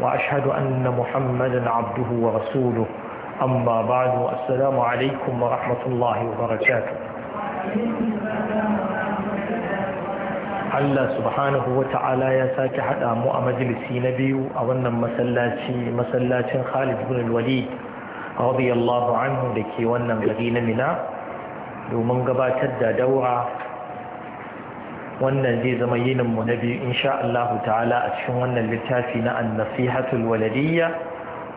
وأشهد أن محمدا عبده ورسوله أما بعد السلام عليكم ورحمة الله وبركاته Allah subhanahu wa ta'ala ya sake haɗa mu a majalisi na biyu a wannan masallaci masallacin Khalid bin Walid radiyallahu anhu da ke wannan gari na Mina domin gabatar da daura wannan zai zama yinin mu na biyu insha Allah ta'ala a cikin wannan littafi na an waladiyya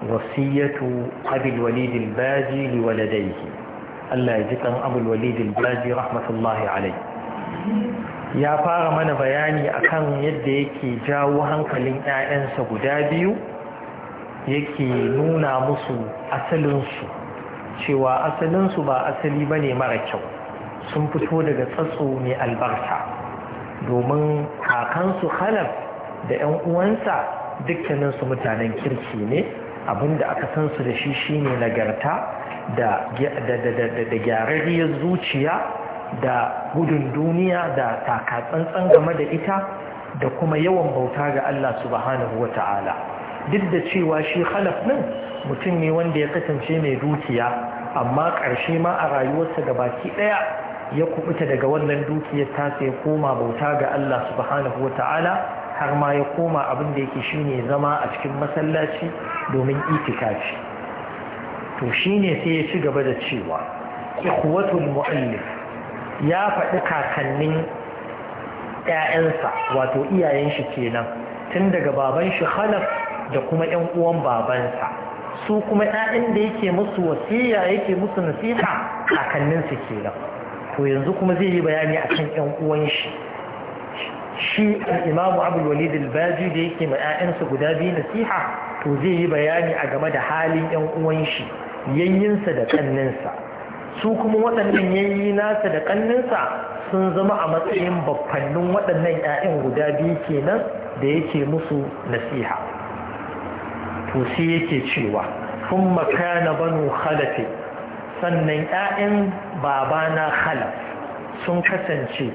wasiyatu abul walid al-baji li waladayhi Allah ya ji kan abul walid al-baji rahmatullahi alayhi ya fara mana bayani akan yadda yake jawo hankalin ƴaƴansa guda biyu yake nuna musu asalinsu cewa asalinsu ba asali bane mara kyau sun fito daga tsatso mai albarka domin kakansu Khalaf da 'yan uwansa dukkaninsu mutanen kirki ne abinda aka san su da shi shine nagarta da gyararriyar zuciya da gudun duniya da takatsantsan game da ita da kuma yawan bauta ga Allah subhanahu wa ta'ala duk da cewa shi halaf nan mutum ne wanda ya kasance mai dukiya amma ƙarshe ma a rayuwarsa ga baki ɗaya ya kubuta daga wannan dukiyar tasa ya koma bauta ga Allah subhanahu wa ta'ala har ma ya koma abin da yake shine zama a cikin masallaci domin itikafi to shine sai ya ci gaba da cewa ikhwatul mu'allif ya faɗi kakannin ƴaƴansa wato iyayen shi kenan tun daga baban shi khalaf da kuma ƴan uwan babansa su kuma 'ya'yan da yake musu wasiya yake musu nasiha kakanninsu kenan to yanzu kuma zai yi bayani a kan ‘yan uwan shi shi imamu abu walid al da yake ma ‘ya'yansa guda biyu nasiha to zai yi bayani a game da halin ‘yan uwan shi yayyinsa da ƙanninsa su kuma waɗannan yayi nasa da ƙanninsa sun zama a matsayin baffannin waɗannan ‘ya'yan guda biyu kenan da yake musu nasiha to sai yake cewa ثم كان بنو خلفه sannan 'ya'yan babana khalaf sun kasance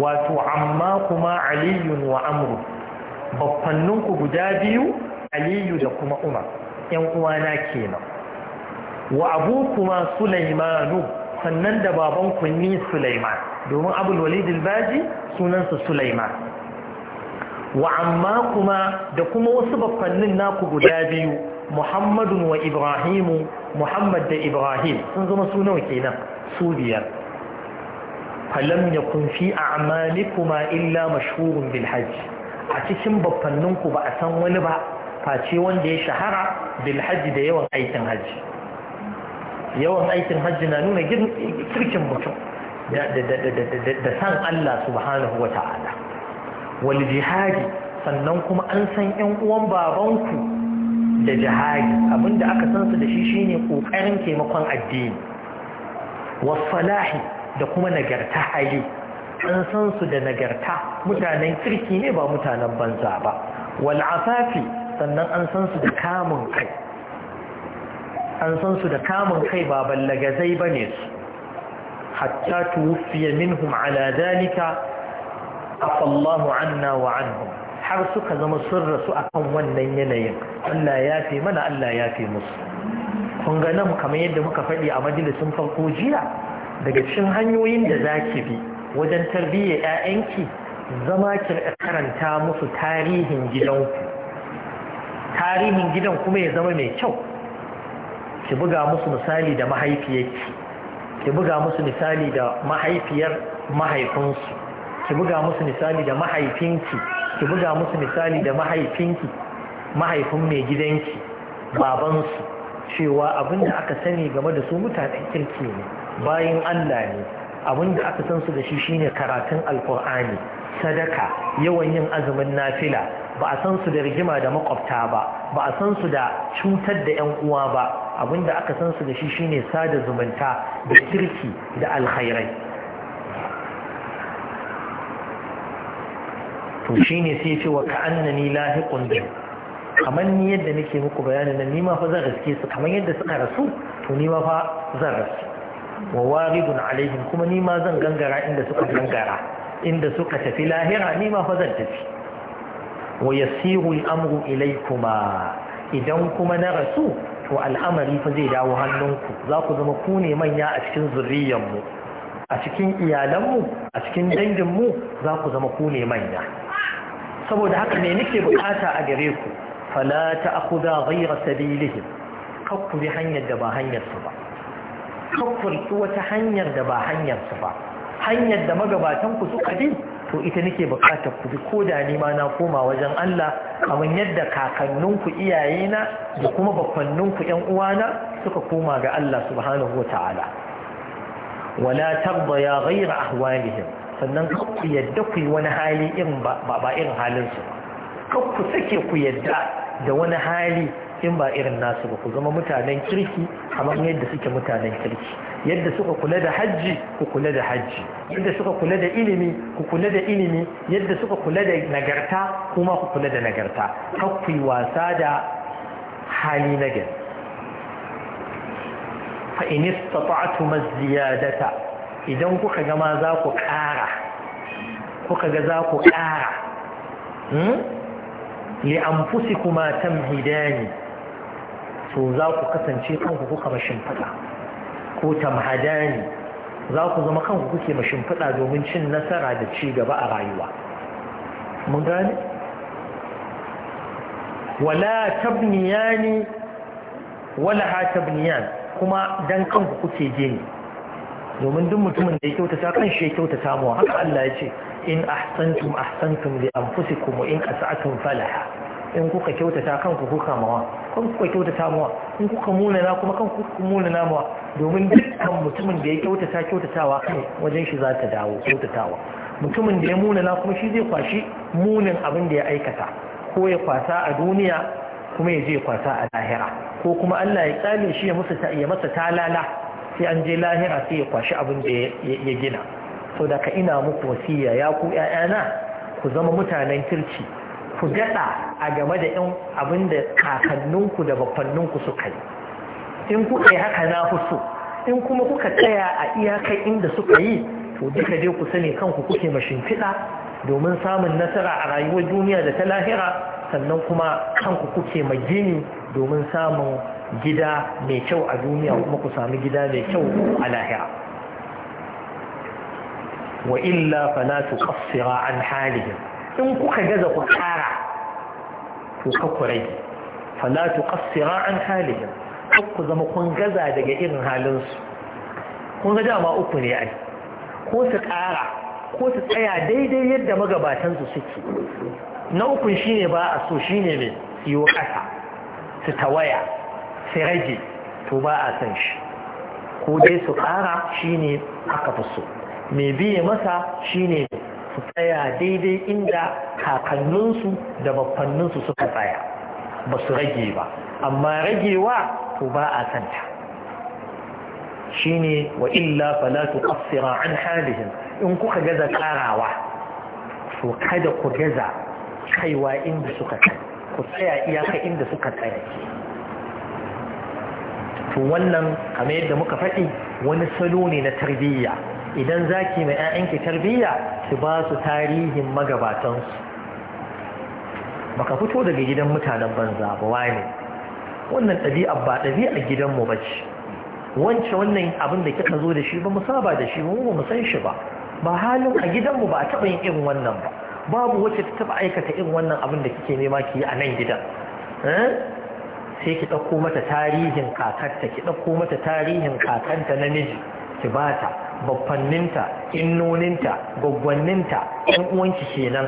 wato amma kuma aliyun wa amru baffanninku guda biyu aliyu da kuma umar ‘yan uwana kenan wa abu kuma sulaimanu sannan da baban kunni sulaiman domin abul baji sunansa sulaiman wa amma kuma da kuma wasu bafannin naku guda biyu muhammadun wa ibrahimu muhammad da ibrahim sun zama sunan kenan su biyar falam ya kunfi a amalikuma illa mashhurun bil hajji a cikin baffanninku ba a san wani ba face wanda ya shahara bil hajji da yawan aikin hajji yawan aikin hajji na nuna kirkin mutum da san Allah subhanahu wa ta'ala wal jihadi sannan kuma an san 'yan uwan babanku da jihadi abinda aka sansu da shi shine kokarin taimakon addini wasalahi da kuma nagarta hali an sansu da nagarta mutanen kirki ne ba mutanen banza ba wal'afafi sannan an sansu da kamun kai an da kamun kai ba ballagazai ba ne su hatta tuwufiya minhum ala dalika afallahu anna wa anhum har suka zama sun rasu a kan wannan yanayin Allah ya fi mana Allah ya fi musu kun ga nan kamar yadda muka faɗi a majalisun farko jiya daga cikin hanyoyin da za ki bi wajen tarbiyyar 'ya'yanki zama ki karanta musu tarihin gidanku tarihin gidan kuma ya zama mai kyau ki buga musu misali da mahaifiyarki ki buga musu misali da mahaifiyar mahaifinsu ki buga musu misali da mahaifinki ki buga musu misali da mahaifinki mahaifin mai gidanki babansu cewa abin da aka sani game da su mutanen kirki ne bayan Allah ne abin da aka san su da shi shine karatun alkur'ani sadaka yawan yin azumin nafila ba a san su da rigima da makwabta ba ba a san su da cutar da yan uwa ba abin da aka san su da shi shine sada zumunta da kirki da alkhairai to shi ne sai ce wa ka'annani lahiqun bi kamar ni yadda nake muku bayanin nan ni ma fa zan riske su kamar yadda suka rasu to ni ma fa zan rasu wa waridun alaihim kuma ni ma zan gangara inda suka gangara inda suka tafi lahira ni ma fa zan tafi wa yasiru al-amru ilaykuma idan kuma na rasu to al'amari fa zai dawo hannunku za ku zama ku ne manya a cikin zurriyanmu a cikin iyalanmu a cikin danginmu za ku zama ku ne manya saboda haka ne nake bukata a gare ku fala ta'khudha ghayra sabilihim kakku bi hanyar da ba hanyar su ba kakku wata hanyar da ba hanyar su ba hanyar da magabatan ku suka bi to ita nake bukatar ku bi koda ni ma na koma wajen Allah kamar yadda kakanninku iyayena da kuma bakwanninku 'yan uwana suka koma ga Allah subhanahu wataala wala tabba ya ghayra ahwalihim sannan ku yadda ku yi wani hali irin ba irin halinsu ba ku sake ku yadda da wani hali in ba irin nasu ba ku zama mutanen kirki kamar yadda suke mutanen kirki yadda suka kula da hajji ku kula da hajji yadda suka kula da ilimi ku kula da ilimi yadda suka kula da nagarta kuma ku kula da nagarta kar ku yi wasa da hali na gari fa in istata'tum idan kuka gama za ku ƙara kuka ga za ku ƙara hmm? li fusi kuma ne to za ku kasance kanku kuka mashimfiɗa ko tamhadani za ku zama kanku kuke mashimfiɗa domin cin nasara da ci gaba a rayuwa mun gane wala tabniyani wala ha kuma dan kanku kuke gini domin duk mutumin da ya kyautata kan shi ya kyautata mu haka Allah ya ce in ahsantum ahsantum li anfusikum wa in asa'tum falaha in kuka kyautata kanku kuka mawa kan kuka kyautata mawa in kuka munana kuma kan kuka munana mawa domin dukkan mutumin da ya kyautata kyautatawa wajen shi za ta dawo kyautatawa mutumin da ya munana kuma shi zai kwashi munin abin da ya aikata ko ya kwasa a duniya kuma ya je kwasa a lahira ko kuma Allah ya tsale shi ya masa talala sai an je lahira sai ya kwashi abin da ya gina so da ka ina muku wasiya ya ku ƴaƴana ku zama mutanen kirki ku daɗa a game da yan abin da kakanninku da bafanninku suka yi in kuka yi haka na fi so in kuma kuka tsaya a iyakar inda suka yi to duka dai ku sani kanku kuke mashimfiɗa domin samun nasara a rayuwar duniya da ta lahira sannan kuma kanku kuke magini domin samun gida mai kyau a duniya kuma ku sami gida mai kyau a lahira wa illa fala tuqassira an halihim in kuka gaza ku kara to ka ku rage fala tuqassira an halihim ku zama kun gaza daga irin halin su kun ga jama'a uku ne ai ko su kara ko su tsaya daidai yadda magabatansu suke na ukun shine ba a so shine mai yiwo ƙasa. su tawaya sai rage to ba a san shi ko dai su ƙara shine aka fi so mai biye masa shine su tsaya daidai inda kakanninsu da bafanninsu suka tsaya ba su rage ba amma ragewa to ba a santa shine wa illa Falatu tuqassira an halihin in kuka gaza ƙarawa to kada ku gaza kaiwa inda suka kai ku tsaya iyaka inda suka tsaya to wannan kamar yadda muka faɗi wani salo ne na tarbiyya idan za ki mai 'ya'yanki tarbiyya ki ba su tarihin magabatansu baka fito daga gidan mutanen banza ba ne. wannan ɗabi'a ba ɗabi'a gidanmu ba ce wance wannan abin da kika zo da shi ba mu saba da shi ba mu san shi ba ba halin a gidanmu ba a taɓa yin irin wannan ba babu wacce ta taɓa aikata irin wannan abin da kike nema ki yi a nan gidan eh? sai ki ɗauko mata tarihin kakarta ki ɗauko mata tarihin kakanta namiji ki bata babbanninta innoninta gwaggwanninta yan uwanki kenan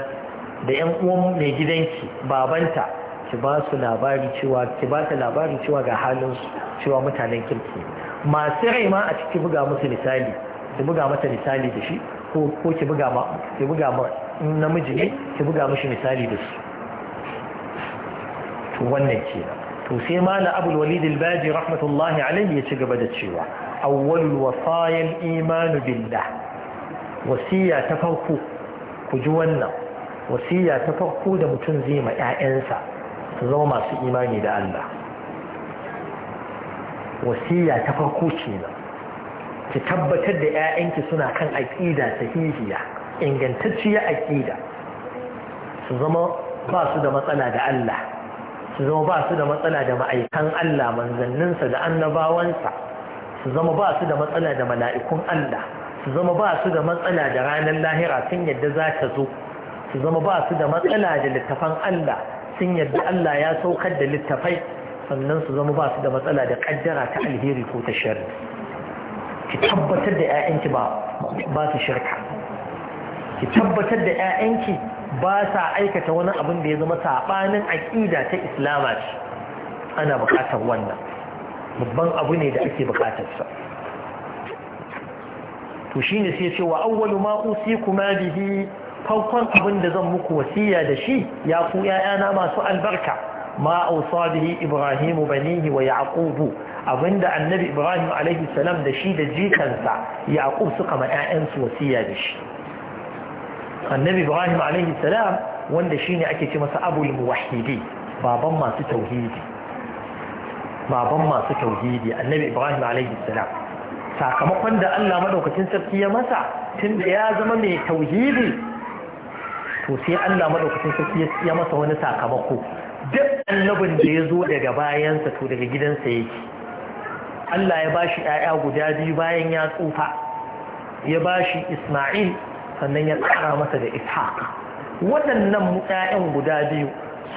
da yan uwan mai gidanki babanta ki ba su labari cewa ki ba ta labari cewa ga halin cewa mutanen kirki masu rai ma a ciki buga musu misali ki buga mata misali da shi ko ko ki buga ma ki buga ma namiji ne ki buga mishi misali da shi to wannan kenan to sai mala abul walid al-baji rahmatullahi alayhi ya ci gaba da cewa awwal wasayil imanu billah wasiya ta farko ku ji wannan wasiya ta farko da mutum zai ma ƴaƴansa su zama masu imani da Allah wasiya ta farko kenan ki tabbatar da ƴaƴanki suna kan aqida sahihiya ingantacciya aqida su zama ba su da matsala da Allah su zama ba su da matsala da ma'aikan Allah manzanninsa da annabawansa su zama ba su da matsala da mala'ikun Allah su zama ba su da matsala da ranar lahira sun yadda za ta zo su zama ba su da matsala da littafan Allah sun yadda Allah ya saukar da littafai sannan su zama ba su da matsala da kaddara ta alheri ko ta shirin. ki tabbatar da 'ya'yanki ba su shirka ki tabbatar da 'ya'yanki ba sa aikata wani abin da ya zama saɓanin aƙida ta islama ce ana buƙatar wannan babban abu ne da ake sa. to shi ne sai cewa Auwalu ma usiku ma bihi farkon abin da zan muku wasiya da shi ya ku ‘ya'yana masu albarka ma ausa bihi ibrahimu banihi wa yaqubu abinda annabi ibrahim alaihi salam da shi da jikansa yaqub suka ma ‘ya'yansu wasiya da shi annabi ibrahim alaihi salam wanda shine ake ce masa abul muwahhidi baban masu tauhidi baban masu tauhidi annabi ibrahim alaihi salam sakamakon da Allah madaukakin sarki ya masa tun da ya zama mai tauhidi to sai Allah madaukakin sarki ya masa wani sakamako duk annabin da ya zo daga bayansa to daga gidansa yake Allah ya bashi 'ya'ya guda biyu bayan ya tsufa ya bashi Isma'il sannan ya tsara masa da ishaq waɗannan ƴaƴan guda biyu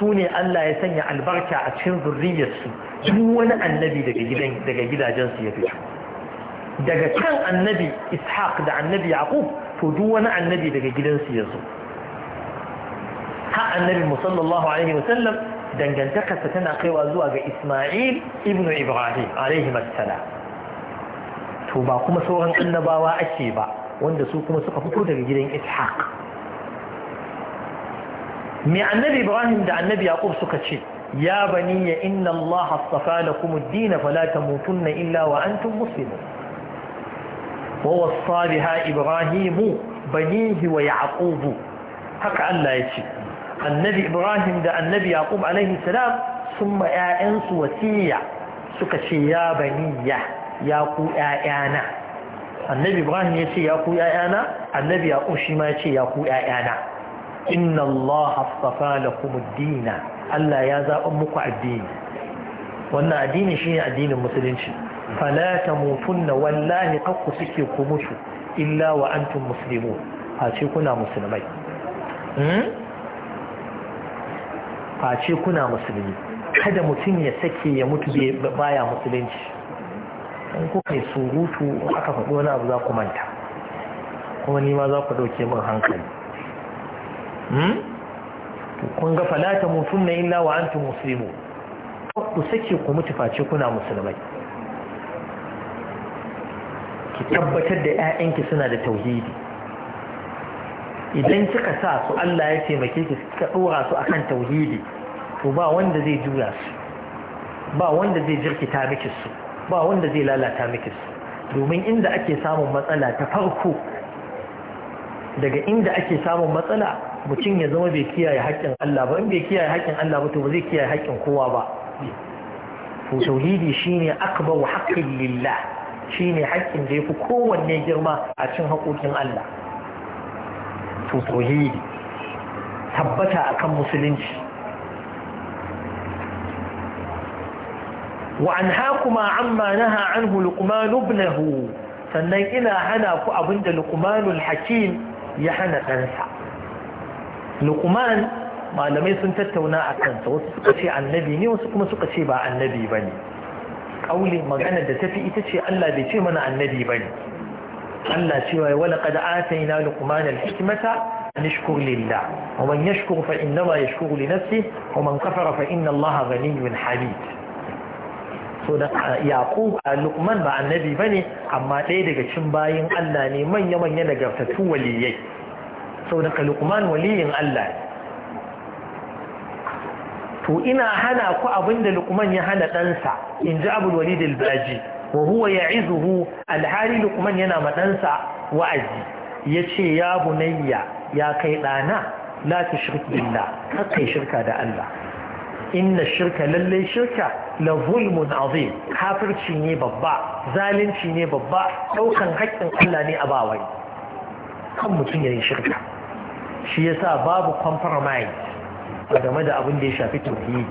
su ne Allah ya sanya albarka a cikin zurriyarsu duk wani annabi daga gidan daga gidajensu ya fito daga kan annabi ishaq da annabi yaqub to duk wani annabi daga gidansu ya zo ha annabi musallallahu alaihi wasallam dangantaka tana kaiwa zuwa ga isma'il ibnu ibrahim alaihi to ba kuma sauran annabawa ake ba wanda su kuma suka fito daga gidan ishaq mai annabi ibrahim da annabi yaqub suka ce ya baniya inna allah astafa lakum ad-din fala tamutunna illa wa antum muslimun wa wassa biha ibrahim banihi wa yaqub haka Allah ya ce annabi ibrahim da annabi yaqub alaihi salam sun ma 'ya'yansu wasiya suka ce ya baniya ya ku 'ya'yana annabi ibrahim ya ce ya ku ‘ya'yana annabi ya shi ma ya ce ya ku ‘ya'yana inna Allah hastafa kuma dina Allah ya zaɓa muku addini wannan addini shi ne addinin musulunci falata mutunna wallahi kakku suke ku mutu illa wa antum muslimun kuna musulmai hmm? kuna musulmi kada mutum ya sake ya mutu baya musulunci in kuka yi surutu aka faɗi wani abu za ku manta kuma ni ma za ku ɗauke min hankali hmm? kun ga falata mutum na illa wa antum musulmi ku sake ku mutu face kuna musulmai ki tabbatar da 'ya'yanki suna da tauhidi idan kika sa su Allah ya taimake ki kika dora su akan tauhidi to ba wanda zai jura su ba wanda zai jirkita miki su ba wanda zai lalata miki domin inda ake samun matsala ta farko daga inda ake samun matsala mutum ya zama bai kiyaye haƙƙin Allah ba in bai kiyaye haƙƙin Allah ba to ba zai kiyaye haƙƙin kowa ba to tauhidi shine akbaru haqqin lillah shine haƙƙin da yafi kowanne girma a cikin haƙoƙin Allah to tauhidi tabbata akan musulunci وأنهاكما عما نهى عنه لقمان ابنه sannan ina hana ku abin da luqmanul hakim ya hana kansa lukman malamai sun tattauna a kansa wasu suka ce annabi ne wasu kuma suka ce ba annabi ba ne ƙauli magana da tafi ita ce Allah bai ce mana annabi ba ne Allah ce wa wala qad atayna luqman al hikmata an yashkur lillah wa man yashkur fa innama yashkuru li nafsihi wa man kafara fa inna Allah ghaniyyun hamid so da yaqub lukman ba annabi bane amma ɗaya daga cikin bayin Allah ne manya manya nagartattu waliyai so da lukman waliyin Allah ne to ina hana ku abinda lukman ya hana ɗansa in ji abul walid al-baji wa huwa ya'izuhu alhali lukman yana ma ɗansa wa'azi yace ya bunayya ya kai ɗana la tushrik billah kai shirka da Allah inna shirka lallai shirka la zulmun azim kafirci ne babba zalunci ne babba daukan haƙƙin Allah ne a bawai kan mutum yayin shirka shi yasa babu compromise game da abin da ya shafi tauhidi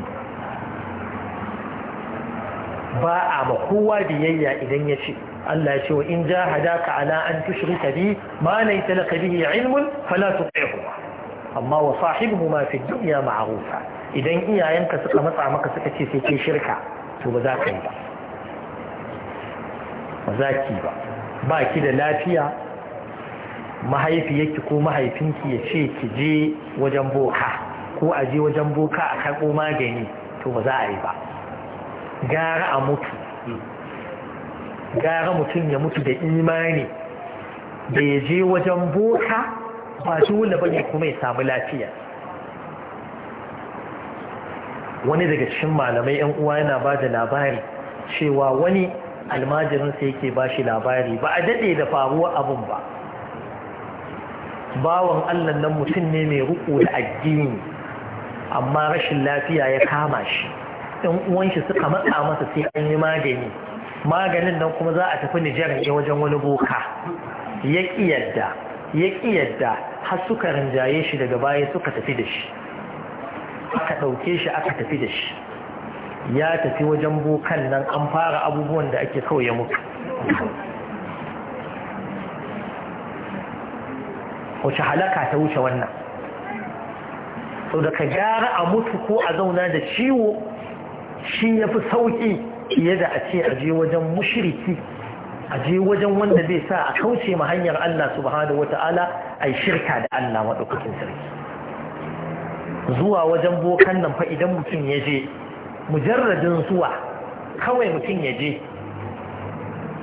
ba a ma kowa biyayya idan ya ce Allah ya ce wa in jahadaka ala an tushrika bi ma laysa laka bihi ilmun fala tuqihuma amma wa sahibuhuma fi dunya ma'rufa idan iyayenka suka matsa maka suka ce sai ke shirka to ba za ka yi ba ba za ki ba ba ki da lafiya mahaifiyarki ko mahaifinki ya ce ki je wajen boka ko a je wajen boka a karɓo magani to ba za a yi ba gara a mutu gara mutum ya mutu da imani da ya je wajen boka ba dole ne kuma ya samu lafiya wani daga cikin malamai yan uwa yana ba da labari cewa wani almajirinsa yake ba shi labari ba a daɗe da faruwa abun ba bawan allah nan mutum ne mai riko da addini amma rashin lafiya ya kama shi yan shi suka matsa masa sai an yi magani maganin nan kuma za a tafi nijar ne wajen wani boka ya ƙi ya ƙi yadda har suka rinjaye shi daga baya suka tafi da shi aka ɗauke shi aka tafi da shi ya tafi wajen bokan nan an fara abubuwan da ake kawai ya mutu wace halaka ta wuce wannan sau da ka gyara a mutu ko a zauna da ciwo shi ya fi sauƙi fiye da a ce aje wajen mushiriki aje wajen wanda zai sa a kauce ma hanyar Allah subhanahu Ta'ala, a yi shirka da Allah maɗaukakin sarki zuwa wajen bokan nan fa idan mutum ya je mujarradin zuwa kawai mutum ya je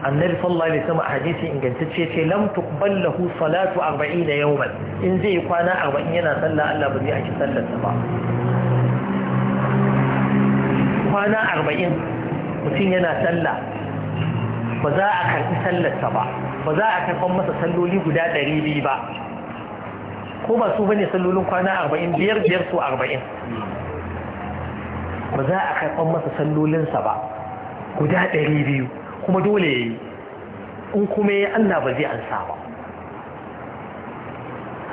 annabi sallallahu alaihi wasallam a hadisi ingantacce ce lam tuqbal lahu salatu 40 yawman in zai kwana 40 yana sallah Allah ba zai aki sallar ba kwana 40 mutum yana sallah ba za a karbi sallar ba ba za a karban masa salloli guda 200 ba ko ba su bane sallolin kwana arba'in biyar biyar su arba'in ba za a karɓar masa sallolinsa ba guda ɗari biyu kuma dole ya yi in kuma ya Allah ba zai ansa ba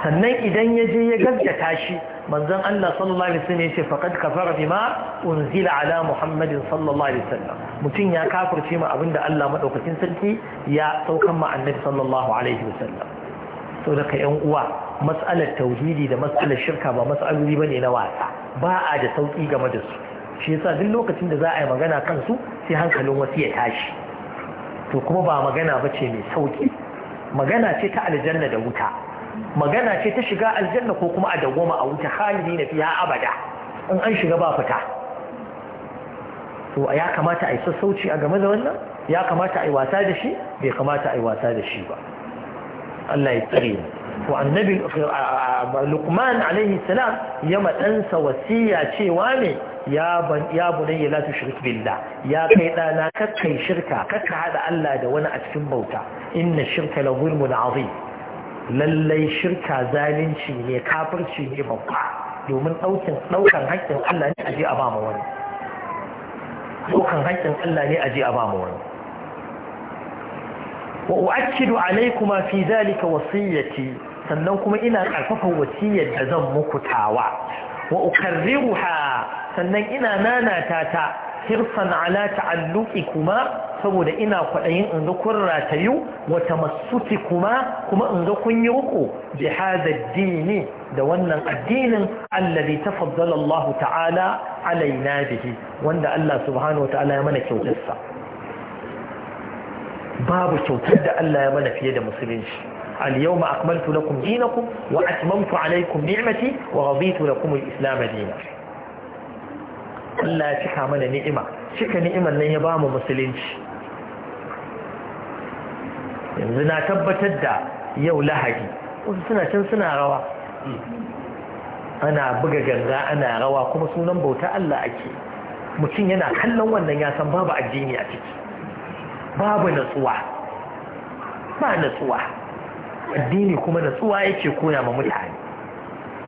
sannan idan ya je ya gaggata shi manzon Allah sallallahu alaihi wasallam yace faqad kafara bima unzila ala Muhammadin sallallahu alaihi wasallam mutun ya kafirce mu abinda Allah madaukakin sarki ya saukan mu annabi sallallahu alaihi wasallam to da kai yan uwa matsalar tauhidi da matsalar shirka ba matsaloli bane na wasa ba a da sauki game da su shi yasa duk lokacin da za a yi magana kan su sai hankalin wasu ya tashi to kuma ba magana ba ce mai sauki magana ce ta aljanna da wuta magana ce ta shiga aljanna ko kuma a dawwama a wuta halini na fiya abada in an shiga ba fita to ya kamata a yi sassauci a game da wannan ya kamata a yi wasa da shi bai kamata a yi wasa da shi ba Allah ya tsare mu annabi luqman alaihi salam ya madansa wasiya cewa ne ya ban ya bunayya la tushrik billah ya kai dana kakkai shirka kakka hada Allah da wani a cikin bauta inna shirka la zulmun azim lallai shirka zalunci ne kafirci ne babba domin daukin daukan haƙƙin Allah ne aje a ba mu wani daukan haƙƙin Allah ne aje a ba mu wani wa uakkidu alaykuma fi dhalika wasiyyati. sannan kuma ina karfafa wasiyar da zan muku tawa wa ukarriruha sannan ina nanata ta hirsan ala ta'alluqi kuma saboda ina kwaɗayin in ga kun ratayu wa tamassuki kuma kuma in ga kun yi ruku bi dini da wannan addinin allazi tafaddala Allah ta'ala alaina bihi wanda Allah subhanahu wa ta'ala ya mana kyautarsa babu kyautar da Allah ya mana fiye da musulunci اليوم أكملت لكم دينكم وأتممت wa نعمتي ورضيت لكم الإسلام دينا Allah ya cika mana ni'ima cika ni'imar nan ya bamu musulunci yanzu na tabbatar da yau lahadi wasu suna can suna rawa ana buga ganga ana rawa kuma sunan bauta Allah ake mutum yana kallon wannan ya san babu addini a ciki babu natsuwa ba natsuwa addini kuma natsuwa yake koya ma mutane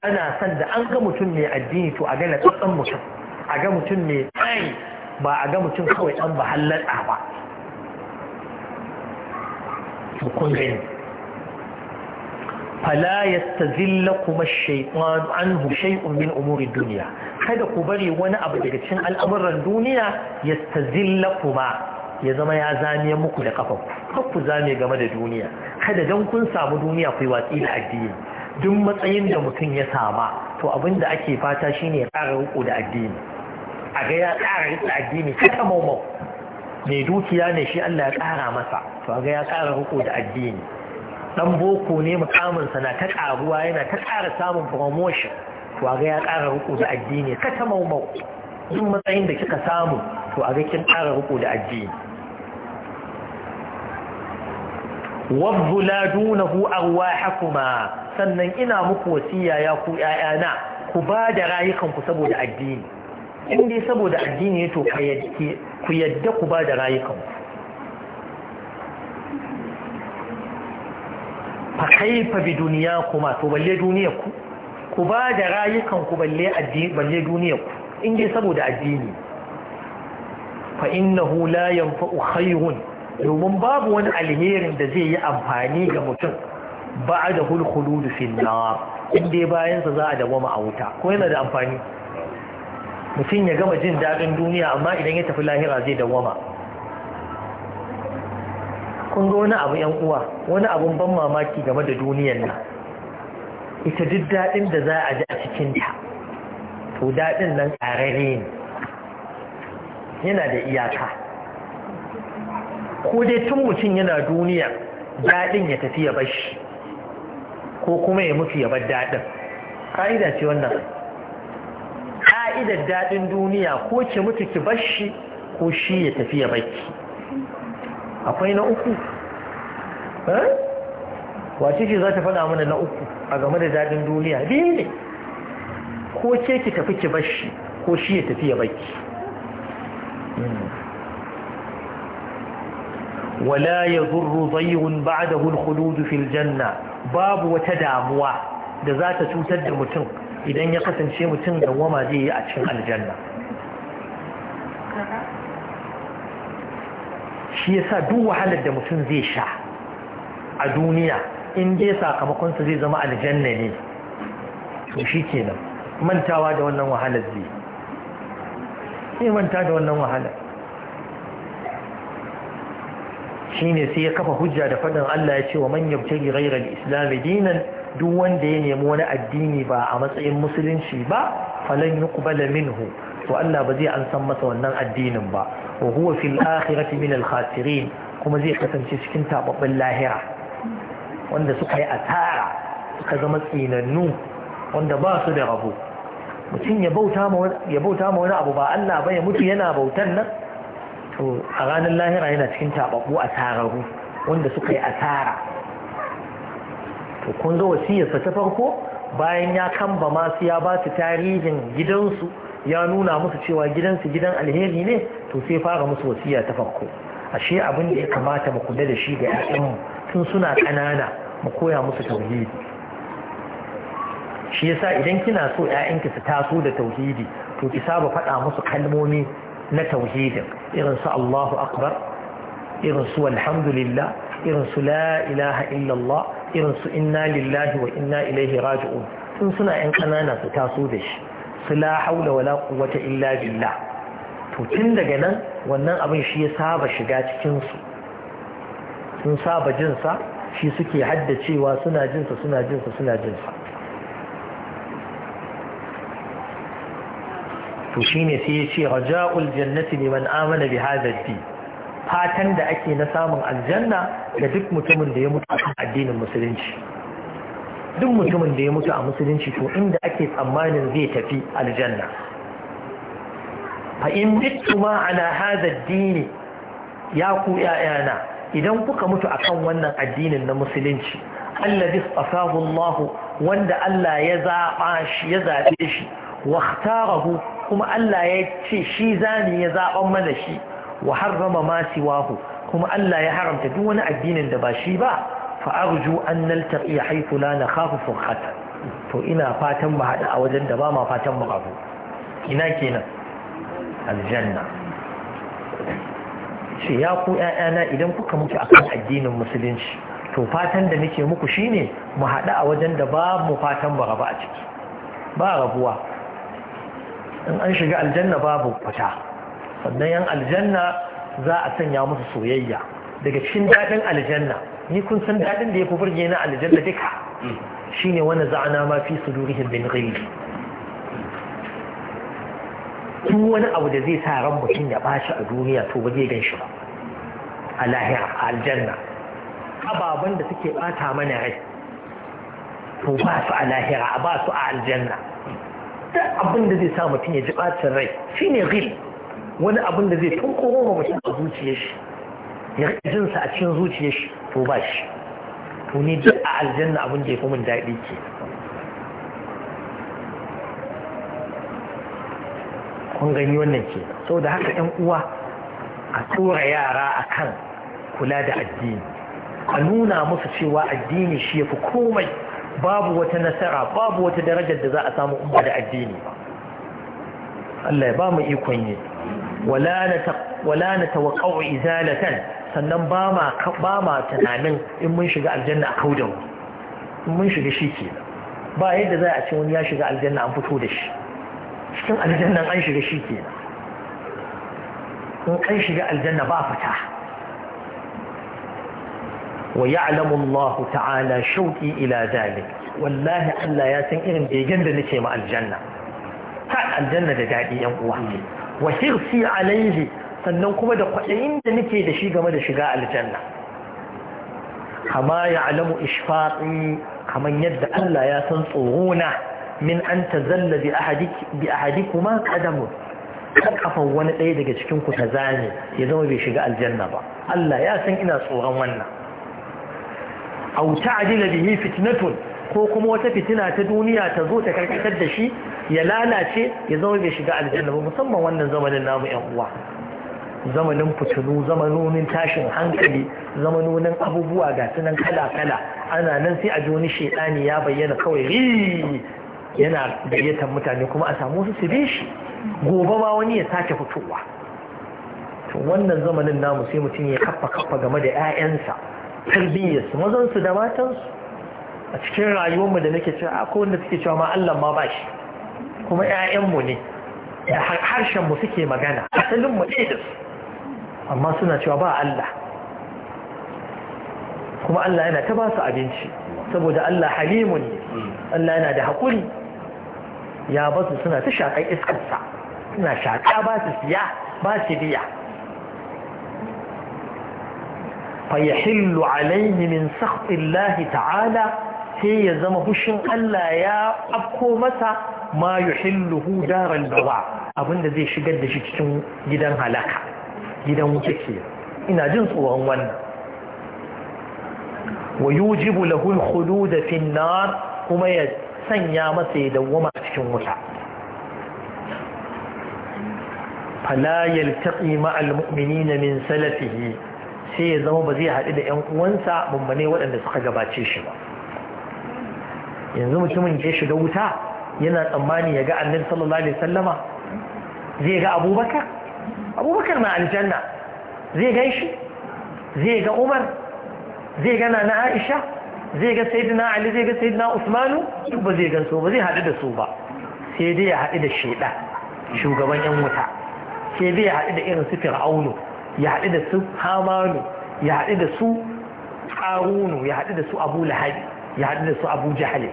ana son da an ga mutum mai addini to a ga natsatsen mutum a ga mutum mai tsari ba a ga mutum kawai ɗan ba hallaka ba kun gani fala yastazilla kuma shaytan anhu shay'un min umuri duniya, kada ku bari wani abu daga cikin al'amuran duniya yastazilla kuma ya zama ya zame muku da kafafu ku zame game da duniya kada don kun samu duniya ku yi watsi da addini duk matsayin da mutum ya sama to abin da ake fata shine ya ƙara riko da addini a ga ya ƙara riko da addini kaka maumau mai dukiya ne shi Allah ya ƙara masa to a ga ya ƙara riko da addini dan boko ne mukaminsa na ta ƙaruwa yana ta ƙara samun promotion to a ga ya ƙara riko da addini kaka maumau duk matsayin da kika samu to a ga kin ƙara riko da addini wabbula dunahu hakuma sannan ina muku wasiya ya ku ƴaƴana ku ba da rayukanku saboda addini in dai saboda addini ne to ku yadda ku ba da rayukanku fa kaifa bi kuma to balle duniyarku ku ba da rayukanku balle addini balle duniyarku in dai saboda addini fa innahu la yanfa'u khayrun domin babu wani alherin da zai yi amfani ga mutum ba da hulhulu da sinawa inda bayansa za a dawama a wuta ko yana da amfani mutum ya gama jin daɗin duniya amma idan ya tafi lahira zai dawama kun ga wani abu yan uwa wani abun ban mamaki game da duniyan nan ita duk daɗin da za a ji a cikinta to daɗin nan ƙarare yana da iyaka ko dai tun mutum yana duniya daɗin ya tafi ya bashi ko kuma ya mutu ya bar daɗin ƙa'ida ce wannan ƙa'idar daɗin duniya ko ki mutu ki bashi ko shi ya tafi ya baki akwai na uku eh? wace ce za ta faɗa mana na uku a game da daɗin duniya biyu ne ko ce ki tafi ki bashi ko shi ya tafi ya baki hmm. wala yadhurru dayyun ba'dahu al-khulud fil janna babu wata damuwa da za ta cutar da mutum idan ya kasance mutum da wama zai yi a cikin aljanna shi ya sa duk wahalar da mutum zai sha a duniya in dai sakamakonsa zai zama aljanna ne to shi kenan mantawa da wannan wahalar zai manta da wannan wahalar shine sai ya kafa hujja da faɗin Allah ya ce wa man yabtaghi ghayra al-islam dinan duk wanda ya nemi wani addini ba a matsayin musulunci ba falan yuqbala minhu to Allah ba zai an san masa wannan addinin ba wa huwa fil akhirati min al-khasirin kuma zai kasance cikin tababbin lahira wanda suka yi asara suka zama tsinannu wanda ba su da rabo mutum ya bauta ma wani abu ba Allah ba ya mutu yana bautan nan to a ranar lahira yana cikin taɓaɓo a tararru wanda suka yi asara to kun zo wasiyarsa ta farko bayan ya kamba masu ya ba su tarihin gidansu ya nuna musu cewa gidansu gidan alheri ne to sai fara musu wasiya ta farko ashe abin da ya kamata mu kula da shi ga 'ya'yanmu tun suna ƙanana mu koya musu tauhidi shi yasa idan kina so 'ya'yanki su taso da tauhidi to ki saba faɗa musu kalmomi na tauhidin irin su Allahu akbar irin su alhamdulillah irin su la ilaha illallah irin su inna lillahi wa inna ilaihi raji'un in suna yan kanana su taso da shi su la haula wala quwwata illa billah to tun daga nan wannan abin shi ya saba shiga cikin su sun saba jinsa shi suke haddacewa suna sa suna sa suna jinsa to shine sai ya ce raja'ul jannati liman amana bi hadha fatan da ake na samun aljanna ga duk mutumin da ya mutu a addinin musulunci duk mutumin da ya mutu a musulunci to inda ake tsammanin zai tafi aljanna fa in bituma ala hadha ad ya ku ya'yana idan kuka mutu akan wannan addinin na musulunci alladhi safahu Allah wanda Allah ya zaba shi ya zabe shi wa kuma Allah ya ce shi zani ya zaɓan mana shi wa harrama ma siwahu kuma Allah ya haramta duk wani addinin da ba shi ba fa arju an naltaqi haythu la nakhafu furhata to ina fatan mu hada a wajen da ba ma fatan mu abu ina kenan aljanna ce ya ku ƴaƴana idan kuka muke akan addinin musulunci to fatan da nake muku shine mu hada a wajen da ba mu fatan mu rabu a ciki ba rabuwa in an shiga aljanna babu fita sannan yan aljanna za a sanya musu soyayya daga cikin daɗin aljanna ni kun san daɗin da ya fi burge na aljanna duka shine wani za'ana ma fi sudurihim bin ghairi duk wani abu da zai sa ran mutum ya bashi a duniya to ba zai gan shi ba a lahira a aljanna ababen da suke bata mana rai to ba su a lahira ba su a aljanna duk abin da zai sa mutum ya ji ɓacin rai shine ghil wani abin da zai koma ma mutum a zuciyar shi ya jin sa a cikin zuciyar shi to ba shi to ni duk a aljanna abin da ya fi min daɗi ke kun gani wannan ke saboda haka yan uwa a tura yara a kan kula da addini a nuna musu cewa addini shi ya fi komai babu wata nasara babu wata darajar da za a samu umma da addini ba Allah ya ba mu ikon yi wala na tawakkau izalatan sannan ba ma ba ma tunanin in mun shiga aljanna a kauda mu in mun shiga shi ke ba yadda za a ce wani ya shiga aljanna an fito da shi cikin aljannan an shiga shi ke in an shiga aljanna ba fita Wa ويعلم الله تعالى شوقي إلى ذلك والله da nake ma aljanna نكي aljanna da dadi yan uwa wa وحرصي alaihi sannan kuma da kwaɗayin da nake da shi game da shiga aljanna kama ya alamu ishfaƙi Kama yadda Allah ya san tsorona min an ta ahadik bi ahadi kuma kadamu kan kafan wani ɗaya daga ku ta zane ya zama bai shiga aljanna ba Allah ya san ina tsoron wannan aw ta'dila bihi fitnatun ko kuma wata fitina ta duniya ta zo ta karkatar da shi ya lalace ya zama bai shiga aljanna ba musamman wannan zamanin namu yan uwa zamanin fitinu zamanonin tashin hankali zamanonin abubuwa ga sunan kala-kala ana nan sai a ji wani shaidani ya bayyana kawai yana gayyatar mutane kuma a samu su su shi gobe ma wani ya sake fitowa to wannan zamanin namu sai mutum ya kafa kafa game da 'ya'yansa tarbiyyarsu mazansu da matansu a cikin rayuwarmu da nake cewa akwai wanda suke cewa ma Allah ma ba shi kuma 'ya'yanmu ne da harshenmu suke magana asalinmu ne da su amma suna cewa ba Allah kuma Allah yana ta ba su abinci saboda Allah halimu ne Allah yana da haƙuri ya basu suna ta shaƙar iskarsa suna shaƙa ba su siya ba su biya Fa fayahillu alaihi min sakhtillahi ta'ala sai ya zama hushin Allah ya afko masa ma yuhilluhu daran dawa abinda zai shigar da shi cikin gidan halaka wuce ke ina jin tsoron wannan wa yujibu lahu al-khulud fi kuma ya sanya masa ya dawwama cikin wuta fala yaltaqi ma al-mu'minina min salafihi sai ya zama ba zai haɗu da 'yan uwansa bambane waɗanda suka gabace shi ba yanzu mutumin ke shiga wuta yana tsammani ya ga annabi sallallahu alaihi sallama zai ga abubakar abubakar na aljanna zai ga shi zai ga umar zai ga na aisha zai ga sayyidina ali zai ga sayyidina usmanu ba zai gan su ba zai haɗu da su ba sai dai ya haɗu da shaidan shugaban yan wuta sai dai ya haɗu da irin su fir'aunu ya haɗu da su hamanu ya haɗu da su ƙarunu ya haɗu da su abu lahari ya haɗu da su abu jahali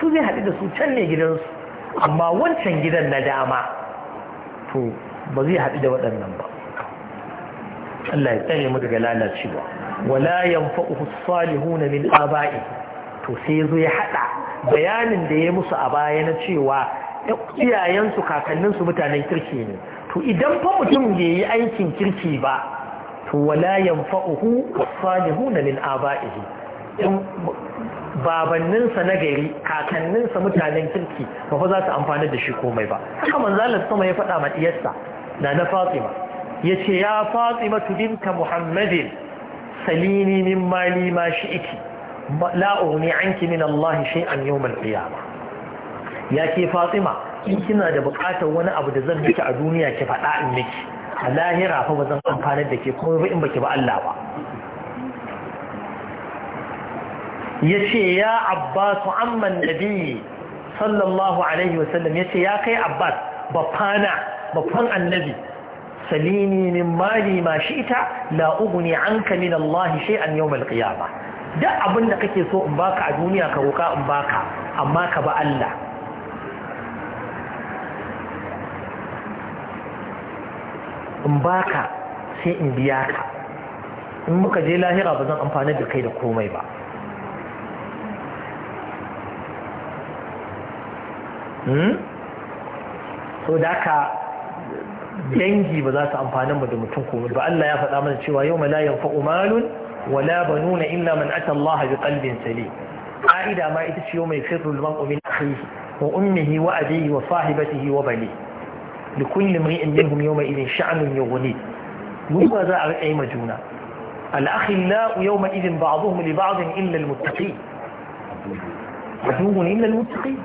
su zai haɗu da su can ne gidansu amma wancan gidan na dama to ba zai haɗu da waɗannan ba Allah ya tsaye mu daga lalacewa wala yanfa'uhu huna min aba'i to sai zo ya hada bayanin da ya musu a baya na cewa iyayensu kakanninsu mutanen kirki ne to idan fa mutum bai yi aikin kirki ba to wala yanfa'uhu as-salihuna lil aba'ihi babanninsa na gari kakanninsa mutanen kirki ba fa za su amfana da shi komai ba haka manzalar sama ya faɗa ma diyarsa na na fatima ya ce ya fatima tu binta muhammadin salini min mali ma shi iki la anki min allah shay'an yawm al-qiyamah ya ke fatima in kina da buƙatar wani abu da zan miki a duniya ki faɗa in miki a lahira fa ba zan amfanar da ke kuma ba in baki ba Allah ba ya ce ya Abbas amman nabi sallallahu alaihi wasallam ya ce ya kai abbas bafana bafan annabi salini min mali ma shi ita la uguni anka min Allah shay'an yawm al-qiyamah duk abin da kake so in baka a duniya ka roka in baka amma ka ba Allah in baka sai in biya ka in muka je lahira ba zan amfani da kai da komai ba hmm? so da aka dangi ba za su amfani mu da mutum komai ba Allah ya faɗa mana cewa yau la yanfa'u malun wala banuna illa man ata Allah bi qalbin salim ka'ida ma ita ce yau mai firru al-mar'u min akhihi wa ummihi wa abihi wa sahibatihi wa banihi لكل امرئ منهم يومئذ شأن يغني يوم ذا أي مجونة لا يومئذ بعضهم لبعض إلا المتقين مجون إلا المتقين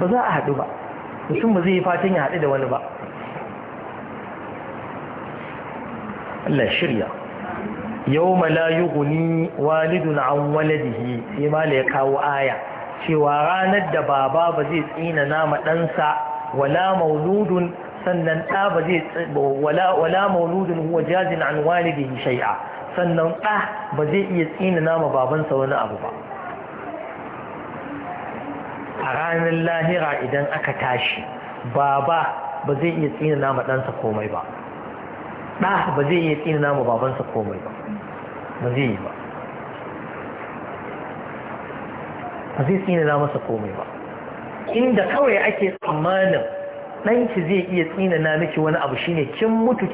بذا أحد بقى ثم زي فاتنها يحد إذا ولا بقى لا شريا يوم لا يغني والد عن ولده مالك أو آية cewa ranar da baba إينا نام أنسى wala mauludun sannan ɗa ba zai wala mauludun huwa jazin an walidihi shai'a sannan ɗa ba zai iya tsina nama babansa wani abu ba a ranar lahira idan aka tashi baba ba zai iya tsina nama ɗansa komai ba ɗa ba zai iya tsina nama babansa komai ba ba zai yi ba ba zai tsina nama sa komai ba inda kawai ake tsammanin ɗanki zai iya tsina na miki wani abu shine kin mutu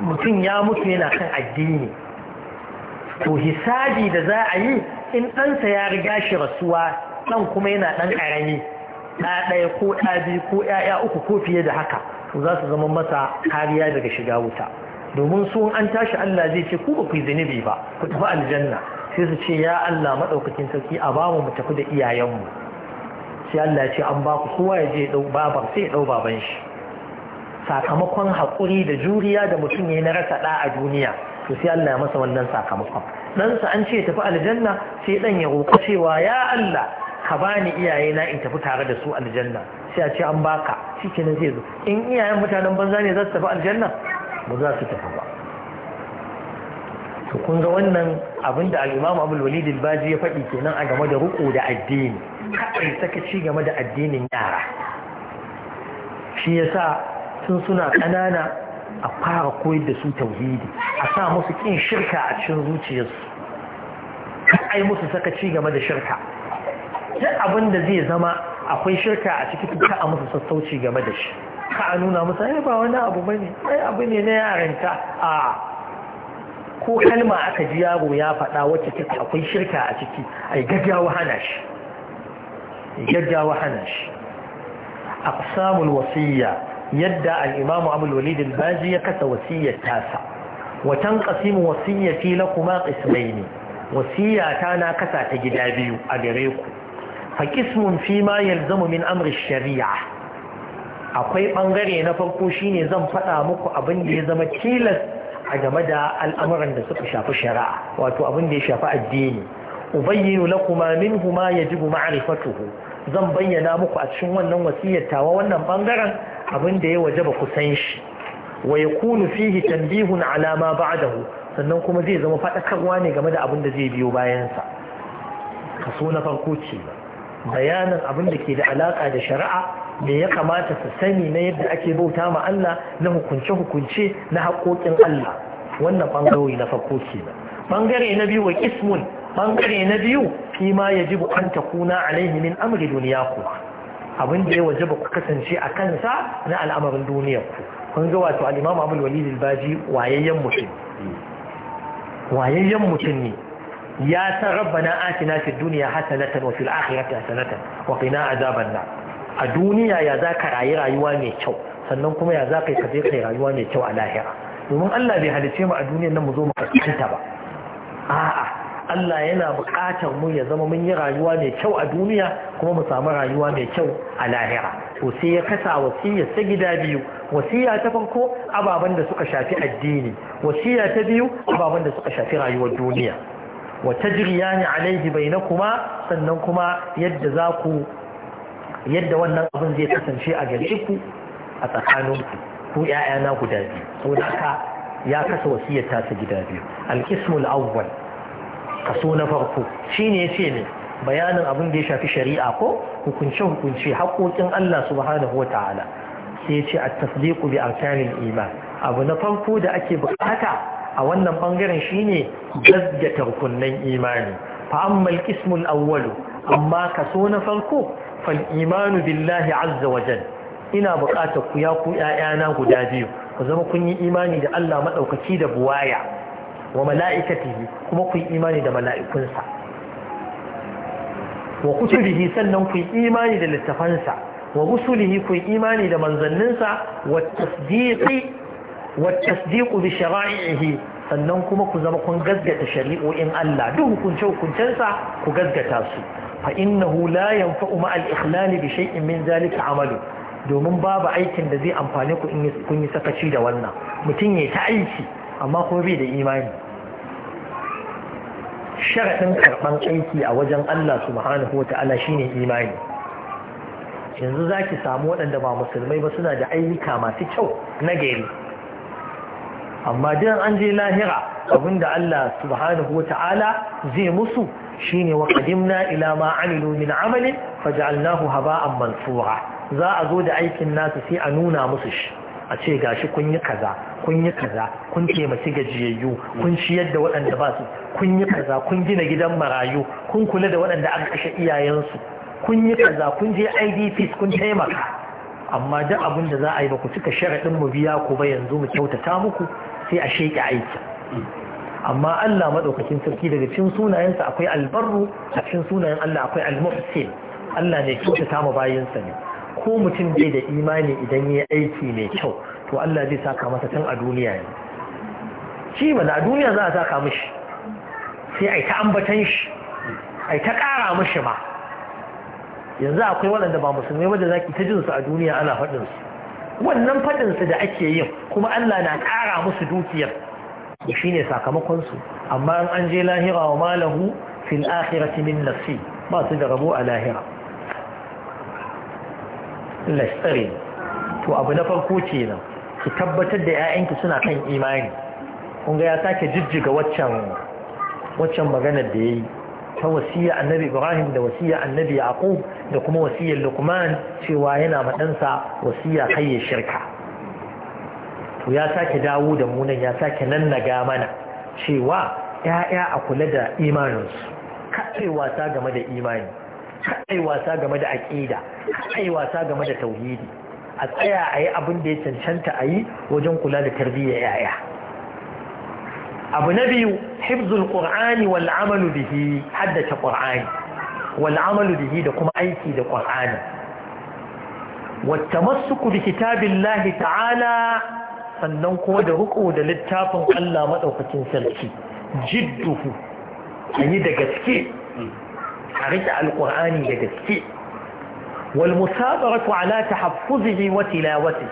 mutum ya mutu yana kan addini to hisabi da za a yi in ɗansa ya riga shi rasuwa ɗan kuma yana ɗan ƙarami ɗa ɗaya ko ɗa biyu ko ‘ya'ya uku ko fiye da haka to za su zama masa kariya daga shiga wuta domin su an tashi Allah zai ce ku ba ku ba ku tafi aljanna sai su ce ya Allah maɗaukakin sarki a bamu mu tafi da iyayenmu sai Allah ce an ba ku kowa ya je dau baban sai dau baban shi sakamakon hakuri da juriya da mutum ya na rasa da a duniya to sai Allah ya masa wannan sakamakon dan sa an ce tafi aljanna sai dan ya roƙa cewa ya Allah ka bani iyaye na in tafi tare da su aljanna sai a ce an baka shi zai zo in iyayen mutanen banza ne za su tafi aljanna ba za su tafi ba to kun ga wannan abinda da al-Imam Abdul Walid al-Baji ya faɗi kenan a game da ruku da addini kaɗai sakaci game da addinin yara shi ya sa sun suna ƙanana a fara koyar da su tauhidi a sa musu ƙin shirka a cikin zuciyarsu kaɗai musu sakaci game da shirka duk abin da zai zama akwai shirka a cikin ka a musu sassauci game da shi ka a nuna musu ai ba wani abu bane ai abu ne na yaranta a ko kalma aka ji yaro ya faɗa wacce take akwai shirka a ciki ai gaggawa hana shi gaggawa hana shi aqsamul wasiyya yadda al-imamu abul walid baji ya kasa wasiyyar tasa wa tanqasimu kuma lakuma ne. wasiyya ta na kasa ta gida biyu a gare ku fa qismun fi ma yalzamu min amri shari'a akwai bangare na farko shine zan faɗa muku abin da ya zama tilas a game da al'amuran da suka shafi shari'a wato abin da ya shafi addini ubayyinu lakuma minhu ma yajibu ma'rifatuhu zan bayyana muku a cikin wannan wasiyar tawa wannan bangaren abin da ya wajaba ku san shi wa yakunu fihi tanbihun ala ma ba'dahu sannan kuma zai zama fadakarwa ne game da abin da zai biyo bayan sa kaso na farko ce bayanin abin da ke da alaka da shari'a me ya kamata su sani na yadda ake bauta ma Allah na hukunce-hukunce na haƙoƙin Allah wannan bangare na farko kenan bangare na biyu wa ismun bangare na biyu fi ma ji bukanta kuna alaihi min amri duniyaku abin da ya wajaba ku kasance a kansa na al'amarin duniyar ku kun ga to al-Imam Walid al-Baji wayayyen mutum wayayyen mutum ne ya san rabbana atina fid dunya hasanatan wa fil akhirati hasanatan wa qina azaban nar a duniya ya ka rayu rayuwa mai kyau sannan kuma ya zaka ka kai rayuwa mai kyau a lahira domin Allah bai halice mu a duniyar nan mu zo mu kaskanta ba a'a Allah yana buƙatar mu ya zama mun yi rayuwa mai kyau a duniya kuma mu samu rayuwa mai kyau a lahira to sai ya kasa wasiyar ta gida biyu wasiya ta farko ababen da suka shafi addini wasiya ta biyu ababen da suka shafi rayuwar duniya wa ne alaihi bainakuma sannan kuma yadda za ku yadda wannan abin zai kasance a gare ku a tsakaninku ku ƴaƴana guda biyu saboda haka ya kasa wasiyar ta gida biyu al awwal kaso na farko shine yace ne bayanin abin da ya shafi shari'a ko hukunce hukunce haƙoƙin Allah subhanahu wataala sai yace at-tasdiqu bi arkanil iman abu na farko da ake bukata a wannan bangaren shine gaggata rukunnan imani fa ammal qismul awwalu amma kaso na farko fal imanu billahi azza wa jalla ina buƙatar ku ya ku ‘ya'yana guda biyu ku zama kun yi imani da Allah Madaukaki da buwaya wa mala'ikatihi kuma ku yi imani da mala'ikunsa wa kutubihi sannan ku yi imani da littafansa wa rusulihi ku yi imani da manzanninsa wa tasdiqi tasdiqu bi shara'ihi sannan kuma ku zama kun gazgata shari'o'in Allah duk hukunce hukuncensa ku gazgata su fa innahu la yanfa'u ma al-ikhlal bi shay'in min zalika amalu domin babu aikin da zai amfane ku in kun yi sakaci da wannan mutum ya ta aiki amma kuma bai da imani sharaɗin karɓan aiki a wajen Allah subhanahu wa ta'ala shine imani yanzu za ki samu waɗanda ba musulmai ba suna da ayyuka masu kyau na gari amma dan an je lahira abinda Allah subhanahu wa ta'ala zai musu shine wa qadimna ila ma amilu min amalin faj'alnahu haba'an mansura za a zo da aikin nasu sai a nuna musu shi a ce gashi kun yi kaza kun yi kaza kun taimaki gajiyayyu kun ciyar da waɗanda ba su kun yi kaza kun gina gidan marayu kun kula da waɗanda aka kashe iyayensu kun yi kaza kun je idps kun taimaka amma duk abin da za a yi ba ku cika sharaɗin mu biya ku ba yanzu mu kyautata muku sai a sheƙi aiki amma Allah maɗaukakin sarki daga cikin sunayensa akwai albarru a cikin sunayen Allah akwai almuhsin Allah ne kyautata mu bayansa ne ko mutum bai da imani idan ya aiki mai kyau to Allah zai saka masa tun a duniya ne shi mana a duniya za a saka mishi sai a yi ta ambatan shi a yi ta ƙara mishi ma yanzu akwai waɗanda ba musulmai ba da zaki ta jinsu a duniya ana faɗinsu wannan faɗinsu da ake yin kuma Allah na ƙara musu dukiyar shi ne sakamakonsu amma an je lahira wa malahu fil akhirati min nafsi ba su da rabo a lahira Allah to abu na farko kenan ki tabbatar da 'ya'yanki suna kan imani Kunga ga ya sake jijjiga waccan waccan maganar da yayi ta wasiya annabi Ibrahim da wasiya annabi Yaqub da kuma wasiyar Luqman cewa yana madansa wasiya kai ya shirka to ya sake dawo da munan ya sake nan naga mana cewa 'ya'ya a kula da imaninsu kacewa wasa game da imani Kaɗai wasa game da aƙida kai wasa game da tauhidi a tsaya a yi abin da ya cancanta a yi wajen kula da tarbiyyar yaya abu na biyu hifzul qur'ani wal amalu bihi haddace qur'ani wal amalu bihi da kuma aiki da qur'ani wat tamassuku bi kitabillahi ta'ala sannan kuma da ruko da littafin Allah madaukakin sarki jidduhu ayi da gaske a riƙe alƙur'ani da gaske wal musabaratu ala tahaffuzihi wa tilawatihi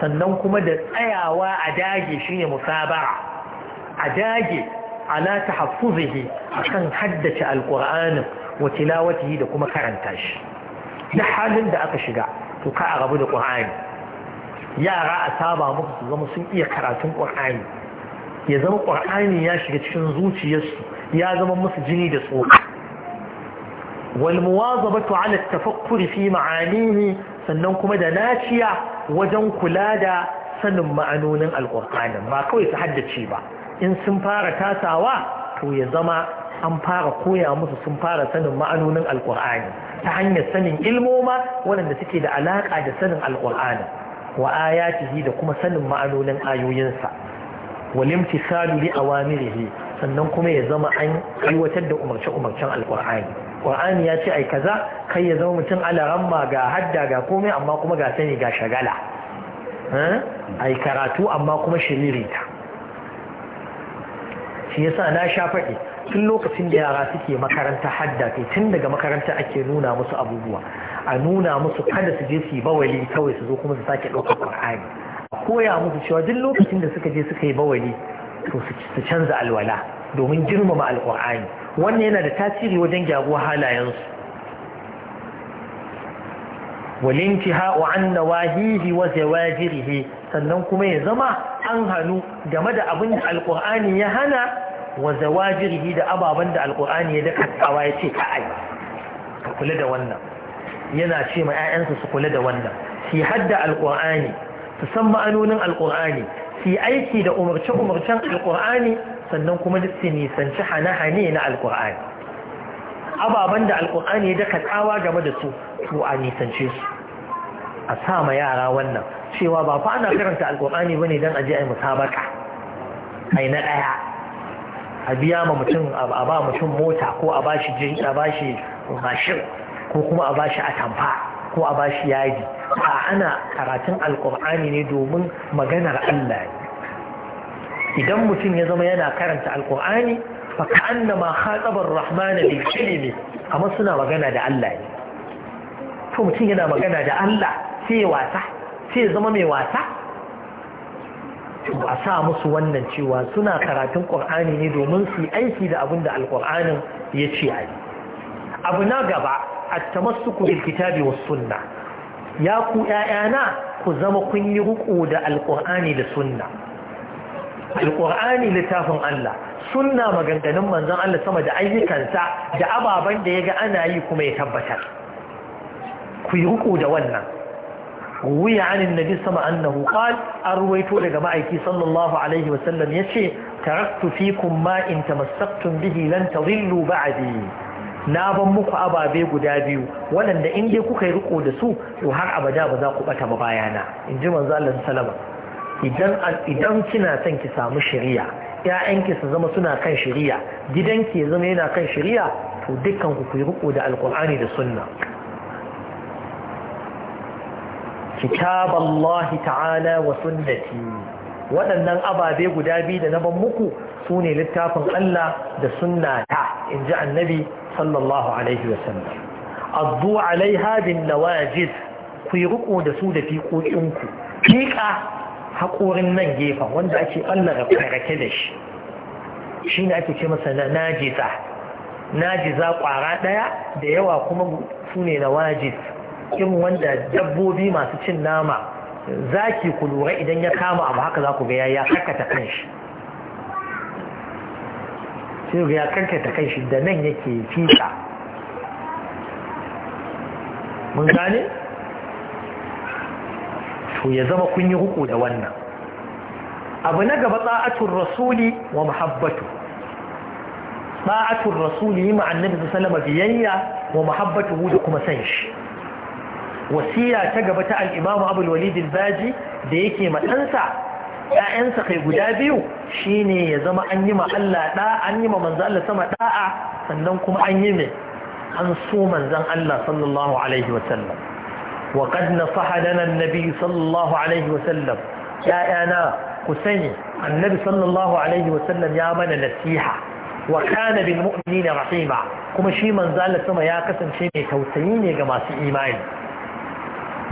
sannan kuma da tsayawa a dage shine musabara a dage ala tahaffuzihi akan haddace alƙur'anin wa tilawatihi da kuma karanta shi da halin da aka shiga to ka a rabu da ƙur'ani yara a saba musu su zama sun iya karatun ƙur'ani ya zama ƙur'ani ya shiga cikin zuciyarsu ya zama musu jini da tsoka والمواظبه على التفكر في معانيه sannan kuma da naciya wajen kula da sanin ma'anonin alƙur'anin ba kawai su haddace ba in sun fara tasawa to ya zama an fara koya musu sun fara sanin ma'anonin alƙur'ani ta hanyar sanin ilmoma waɗanda suke da alaƙa da sanin alƙur'ani wa ayatihi da kuma sanin ma'anonin ayoyinsa walimci saluli li awamirihi sannan kuma ya zama an aiwatar da umarce-umarcen alƙur'ani ƙwa'ani ya ce ai kaza kai ya zama mutum alaramma ga hadda ga komai amma kuma ga sani ga shagala eh? ai karatu amma kuma shiririta shi yasa na sha faɗi tun lokacin da yara suke makaranta hadda kai tun daga makaranta ake nuna musu abubuwa a nuna musu kada su je su yi bawali kawai su zo kuma su sake ɗaukar ƙwa'ani koya musu cewa duk lokacin da suka je suka yi bawali to su canza alwala domin girmama alƙur'ani wannan yana da tasiri wajen gyaruwa halayensu walinti ha'u an nawahihi wa zawajirihi sannan kuma ya zama an hannu game da abin da alƙur'ani ya hana wa zawajirihi da ababen da alƙur'ani ya tsawa ya ce ka'ai ka kula da wannan yana ce ma 'ya'yansa su kula da wannan Si hadda alƙur'ani su san ma'anonin alƙur'ani su aiki da umarce-umarcen alƙur'ani sannan kuma duk su nisanci hane-hane na alkur'ani ababen da alkur'ani ya daka tsawa game da su to a nisance su a sa ma yara wannan cewa ba fa ana karanta alkur'ani ba ne don aje a yi musabaka a yi na ɗaya a biya ma mutum a ba mutum mota ko a bashi jin a bashi mashin ko kuma a bashi atamfa ko a bashi yaji ba ana karatun alkur'ani ne domin maganar Allah ne idan mutum ya zama yana karanta alkur'ani fa ka'annama khatabar rahmana bil kalimi amma suna magana da Allah ne to mutum yana magana da Allah sai ya wasa sai ya zama mai wasa a sa musu wannan cewa suna karatun qur'ani ne domin su yi aiki da abin da alkur'anin ya ce a yi abu na gaba at-tamassuku bil kitabi was sunna ya ku ƴaƴana ku zama kun yi riko da alkur'ani da sunna alƙur'ani littafin Allah sunna maganganun manzon Allah sama da ayyukansa da ababen da ya ga ana yi kuma ya tabbatar ku yi riko da wannan wuya anin nabi sama annahu qal an ruwaito daga ma'aiki sallallahu alaihi wa sallam yace taraktu fikum ma in tamassaktum bihi lan tadillu ba'di na ban muku ababe guda biyu waɗanda in dai kuka yi riko da su to har abada ba za ku bata ba bayana inji ji manzo Allah idan kina son ki samu shari'a ya'yanki su zama suna kan shari'a gidanki ya zama yana kan shari'a to dukkan ku ku yi riko da alkur'ani da sunna kitaballahi ta'ala wa sunnati waɗannan ababe guda biyu da na ban muku su ne littafin Allah da sunna ta in annabi sallallahu alaihi wa sallam addu alaiha bin nawajid ku yi riko da su da fiƙoƙinku fiƙa haƙorin nan gefen wanda ake ɓallara rake da shi shi ne ake ce masa najiza najiza ƙwara ɗaya da yawa kuma su ne na wajiz irin wanda dabbobi masu cin nama za ki ku lura idan ya kama abu haka za ku ga ya karkata shi sai ga ya karkata shi da nan yake fita mun gane to ya zama kun yi huku da wannan abu na gaba tsa'atun rasuli wa muhabbatu tsa'atun rasuli yi ma'annabi su salama biyayya wa muhabbatu da kuma san shi wasiya ta gaba ta al'imamu abul walidin baji da yake matsansa ‘ya'yansa kai guda biyu shine ya zama an yi ma Allah ɗa an yi ma manzan Allah sama ɗa'a sannan kuma an yi mai an so manzan Allah sallallahu Alaihi وقد نصح لنا النبي صلى الله عليه وسلم يا أنا حسين النبي صلى الله عليه وسلم يا من نسيحة وكان بالمؤمنين رحيما كما شي من زال سما يا قسم شيء توسيين يا جماعة إيمان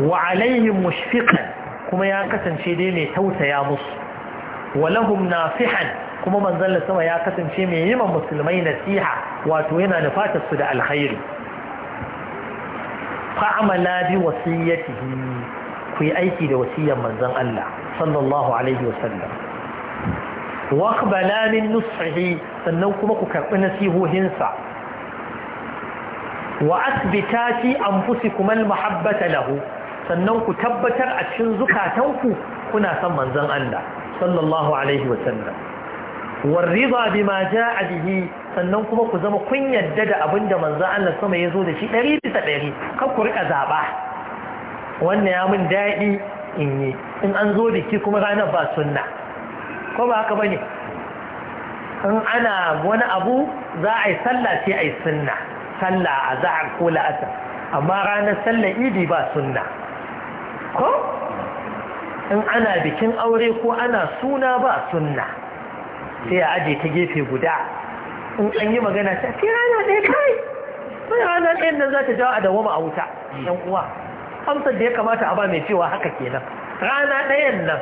وعليهم مشفقا كما يا قسم شيء دي توسى يا مص ولهم ناصحا كما من زال سما يا قسم شيء يما مسلمين نسيحة واتوينا نفات الصدى الخير fa'amala bi wasiyyatihi ku yi aiki da wasiyyar manzon Allah sallallahu alaihi wasallam waqbala min nusihi sannan kuma ku karɓi nasihohinsa wa asbita fi anfusikum lahu sannan ku tabbatar a cikin zukatanku kuna son manzon Allah sallallahu alaihi sallam. warriba bima ja'a bihi sannan kuma ku zama kun yadda da da manzo Allah sama ya zo da shi 100 bisa 100 kar ku rika zaba wannan ya mun daɗi in yi in an zo biki kuma ranar ba sunna ko ba haka ba ne? in ana wani abu za a yi sallah sai a yi sunna sallah a za'ar ko la'asa, amma ranar sallar idi ba sunna ko in ana bikin aure ko ana suna ba sunna sai ya aje ta gefe guda in an yi magana ta sai rana ɗaya kai sai rana ɗayan nan za ta jawo a dawoma a wuta yan uwa amsar da ya kamata a ba mai cewa haka kenan rana ɗayan nan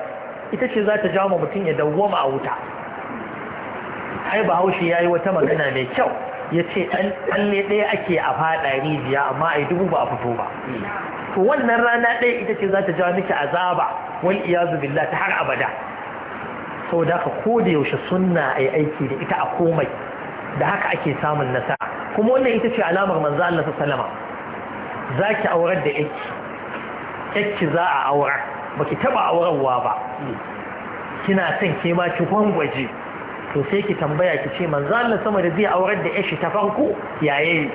ita ce za ta jawo ma mutum ya dawoma a wuta ai bahaushe ya yi wata magana mai kyau ya ce ɗalle ɗaya ake a faɗa rijiya amma a dubu ba a fito ba to wannan rana ɗaya ita ce za ta jawo miki azaba wal iyazu billah ta har abada saboda haka ko da yaushe sunna ai aiki da ita a komai da haka ake samun nasara kuma wannan ita ce alamar manzo Allah sallama zaki aurar da yake yake za a aura baki taba aurarwa ba kina son ke ma ki gwangwaje to sai ki tambaya ki ce manzo Allah sama da zai aurar da yashi ta farko yaye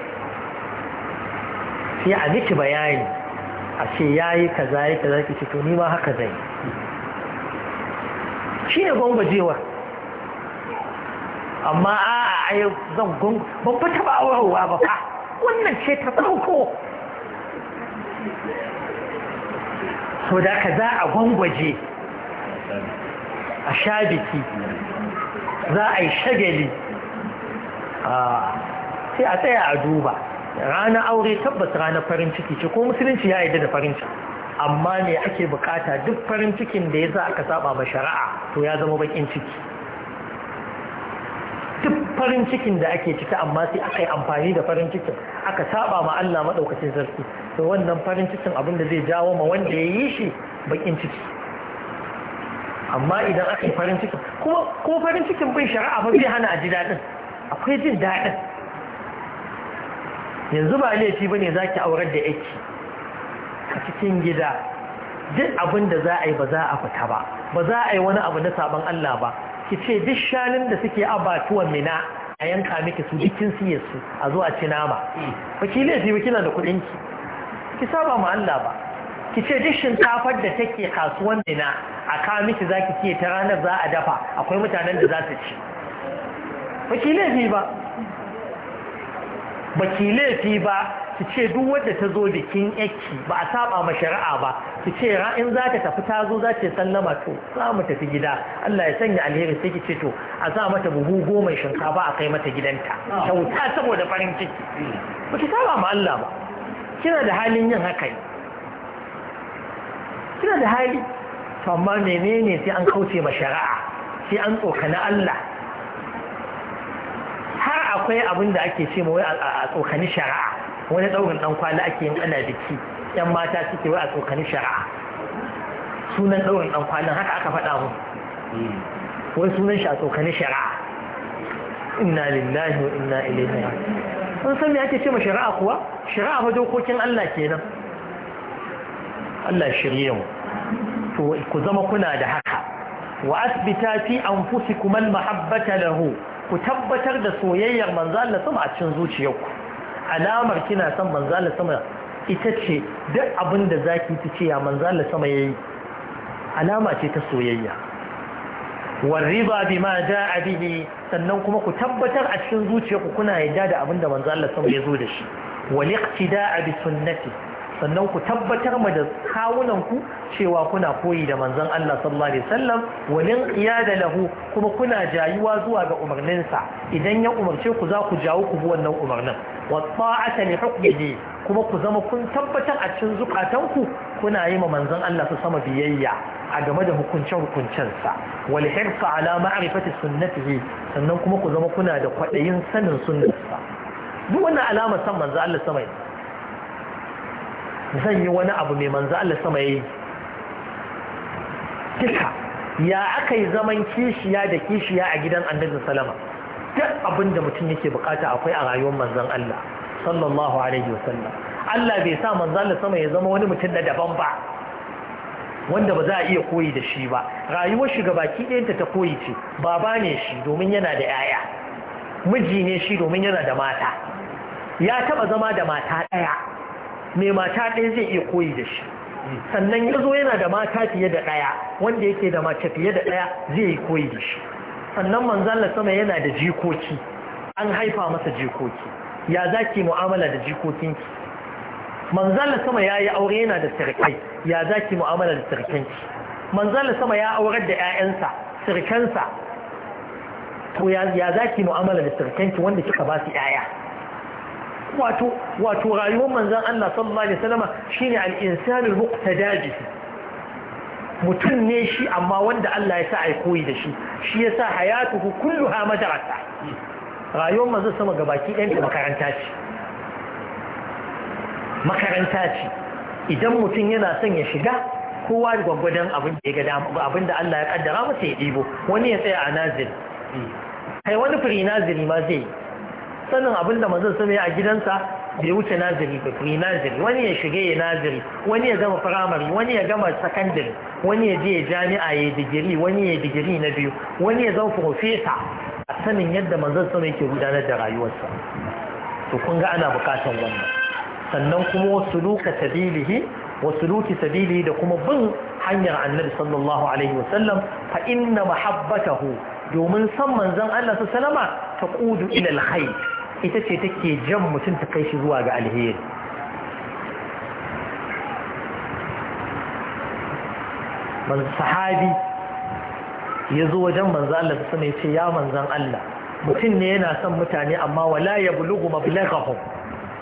sai a miki bayani a ce yayi kaza yayi kaza ki ce to ni ma haka zai shi ne gwangwajewar amma a ayi zan gun ban fa taba aurarwa ba fa wannan ce ta farko so da ka za a gwangwaje a sha za a yi shagali sai a tsaya a duba ranar aure tabbas ranar farin ciki ce ko musulunci ya yi da farin ciki amma ne ake bukata duk farin cikin da ya sa aka saba ma shari'a to ya zama bakin ciki duk farin cikin da ake ciki amma sai aka yi amfani da farin cikin aka saba ma Allah maɗaukacin sarki to wannan farin cikin abin da zai jawo ma wanda ya yi shi bakin ciki amma idan aka yi farin cikin kuma farin cikin bai shari'a ba zai hana a ji daɗin akwai jin daɗin yanzu ba laifi ba ne za ki aurar da yake a cikin gida duk abin da za a yi ba za a fita ba ba za a yi wani abu na sabon Allah ba ki ce duk shanun da suke abatuwan mina a yanka miki su dukkin siye su a zo a ci nama ba ki laifi ba kina da kuɗin ki ki saba ma Allah ba ki ce duk shinkafar da take kasuwan mina a ka miki za ki ce ta ranar za a dafa akwai mutanen da za su ci ba ki laifi ba ba ki laifi ba su ce duk wadda ta zo bikin yaki ba a saba ma shari'a ba su ce ra'in za ta tafi tazo zo za ta sallama to za mu tafi gida Allah ya sanya alheri sai ki ce to a sa mata buhu goma shinkafa a kai mata gidanta wuta saboda farin ciki ba ki saba ma Allah ba kina da halin yin haka ne. kina da hali to amma menene sai an kauce ma shari'a sai an tsokani Allah har akwai abin da ake ce ma wai a tsokani shari'a wani ɗaurin ɗan kwana ake yin ana biki yan mata suke wa a tsokanin shari'a sunan ɗaurin ɗan kwalin haka aka faɗa mu Wani sunan shi a tsokanin shari'a inna lillahi wa inna ilaihi raji'un san me ake ce ma shari'a kuwa shari'a fa dokokin Allah kenan Allah shirye mu to ku zama kuna da haka wa asbita fi anfusikum al-mahabbata lahu ku tabbatar da soyayyar manzo Allah sama a cikin zuciyarku alamar kina son Manzala sama ita ce duk abin da zaki ta ce ya Manzala sama ya yi, alama ce ta soyayya warriba ma jaa bihi sannan kuma ku tabbatar a cikin zuciyarku kuna yadda da abin da sama ya zo da shi wal iqtida'a bi sunnati sannan ku tabbatar ma da kawunanku cewa kuna koyi da manzon Allah sallallahu alaihi wasallam walin qiyada lahu kuma kuna jayuwa zuwa ga umarninsa idan ya umarce ku za ku jawo ku bi wannan umarnin wa ta'ata li hukmihi kuma ku zama kun tabbatar a cikin zukatanku kuna yi ma manzon Allah su sama biyayya a game da hukuncen hukuncensa wal hirsa ala ma'rifati sunnatihi sannan kuma ku zama kuna da kwadayin sanin sunnarsa duk wannan alamar san manzo Allah sama ne zan yi wani abu mai manzo Allah sama yayi Kika, ya akayi zaman kishiya da kishiya a gidan annabi salama duk abin da mutum yake bukata akwai a rayuwar manzon Allah sallallahu alaihi wasallam Allah bai sa manzo Allah sama ya zama wani mutum da daban ba wanda ba za a iya koyi da shi ba rayuwar shi gabaki ɗayanta ta koyi ce baba ne shi domin yana da 'ya'ya miji ne shi domin yana da mata ya taba zama da mata ɗaya mai mata ɗaya zai iya koyi da shi sannan ya zo yana da mata fiye da ɗaya wanda yake da mace fiye da ɗaya zai yi koyi da shi sannan manzala sama yana da jikoki an haifa masa jikoki ya za ki mu'amala da jikokinki manzala sama ya yi aure yana da sirkai ya za ki mu'amala da sirkanki manzala sama ya aurar da 'ya'yansa sirkansa to ya za ki mu'amala da sirkanki wanda kika ba su 'ya'ya wato rayuwar manzon Allah sallallahu alaihi wasallama shine al-insanul muqtadaji mutum ne shi amma wanda Allah ya sa ai koyi da shi shi yasa hayatuhu kulluha madarasa rayuwar manzon sama gabaki ɗayan makaranta ce makaranta ce idan mutum yana son ya shiga kowa da gwaggwadon abin da ya ga abin da Allah ya kaddara masa ya ɗibo wani ya tsaya a nazil kai wani firi ma zai yi sanin abin da manzon sun yi a gidansa ya wuce naziri ba yi naziri wani ya shige ya naziri wani ya gama firamare wani ya gama sakandare wani ya je jami'a ya digiri wani ya digiri na biyu wani ya zama profesa a sanin yadda manzon sun yake gudanar da rayuwarsa to kun ga ana bukatar wannan sannan kuma wasu luka sabilihi wasu luki sabilihi da kuma bin hanyar annabi sallallahu alaihi wasallam fa inna mahabbatahu domin san manzon Allah sallallahu alaihi kudu ila alkhair ita ce take jan mutum ta kai shi zuwa ga alheri sahabi ya zo wajen manzo Allah su ne ce ya manzan Allah mutum ne yana son mutane amma wala ya bulugu mablaghahu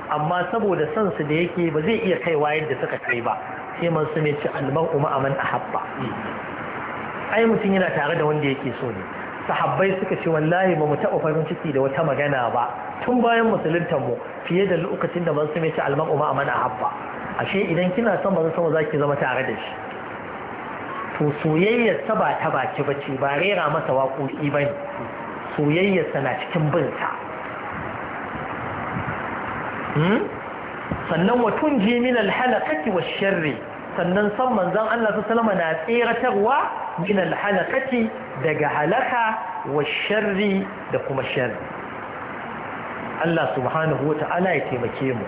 amma saboda san su da yake ba zai iya kaiwa yadda suka kai ba sai manzo ne ce almar'u ma'a man ahabba ai mutum yana tare da wanda yake so ne sahabbai suka ce wallahi ba mu taɓa farin ciki da wata magana ba tun bayan musuluntar mu fiye da lokacin da ban su ci ce almau ma amana habba ashe idan kina son ba za ki zama tare da shi to soyayyar ta ba ta baki bace ba rera masa waƙoƙi bane ne sa na cikin bin sa hmm? sannan wa tunji min alhalaqati wash sharri sannan san manzan Allah sallama na tseratarwa min alhalakati daga halaka wa sharri da kuma sharri Allah subhanahu wata'ala ya taimake mu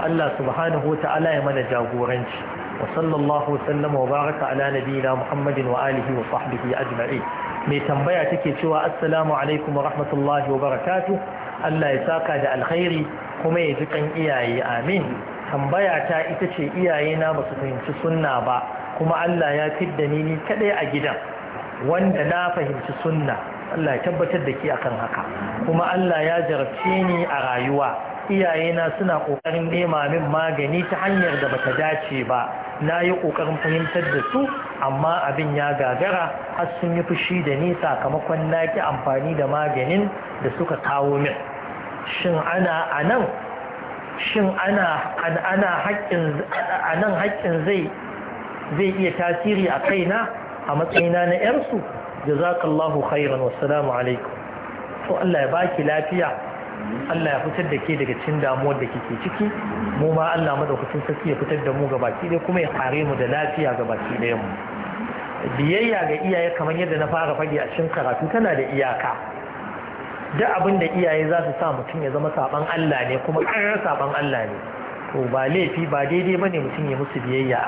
Allah subhanahu wata'ala ya mana jagoranci wa sallallahu sallama wa baraka ala nabiyina Muhammadin wa alihi wa sahbihi ajma'i mai tambaya take cewa assalamu alaikum wa rahmatullahi wa barakatuh Allah ya saka da alkhairi kuma ya ji iyaye amin tambaya ta ita ce iyayena ba su fahimci sunna ba kuma Allah ya fidda ni ni kadai a gidan wanda na fahimci sunna Allah ya tabbatar da ke akan haka kuma Allah ya jarabce ni a rayuwa iyayena suna ƙoƙarin nema min magani ta hanyar da bata dace ba na yi ƙoƙarin fahimtar da su amma abin ya gagara har sun yi fushi da ni sakamakon na ki amfani da maganin da suka kawo min shin ana a nan shin ana ana haƙƙin anan haƙƙin zai zai iya tasiri a kaina a matsayina na yarsu jazakallahu khairan wassalamu alaikum to Allah ya baki lafiya Allah ya fitar da ke daga cin damuwar da kike ciki mu ma Allah madaukakin sarki ya fitar da mu ga baki ɗaya kuma ya kare mu da lafiya ga baki ɗayan mu biyayya ga iyaye kamar yadda na fara fage a cikin karatu tana da iyaka duk abin da iyaye za su sa mutum ya zama saban Allah ne kuma ƙarar saban Allah ne to ba laifi ba daidai bane mutum ya musu biyayya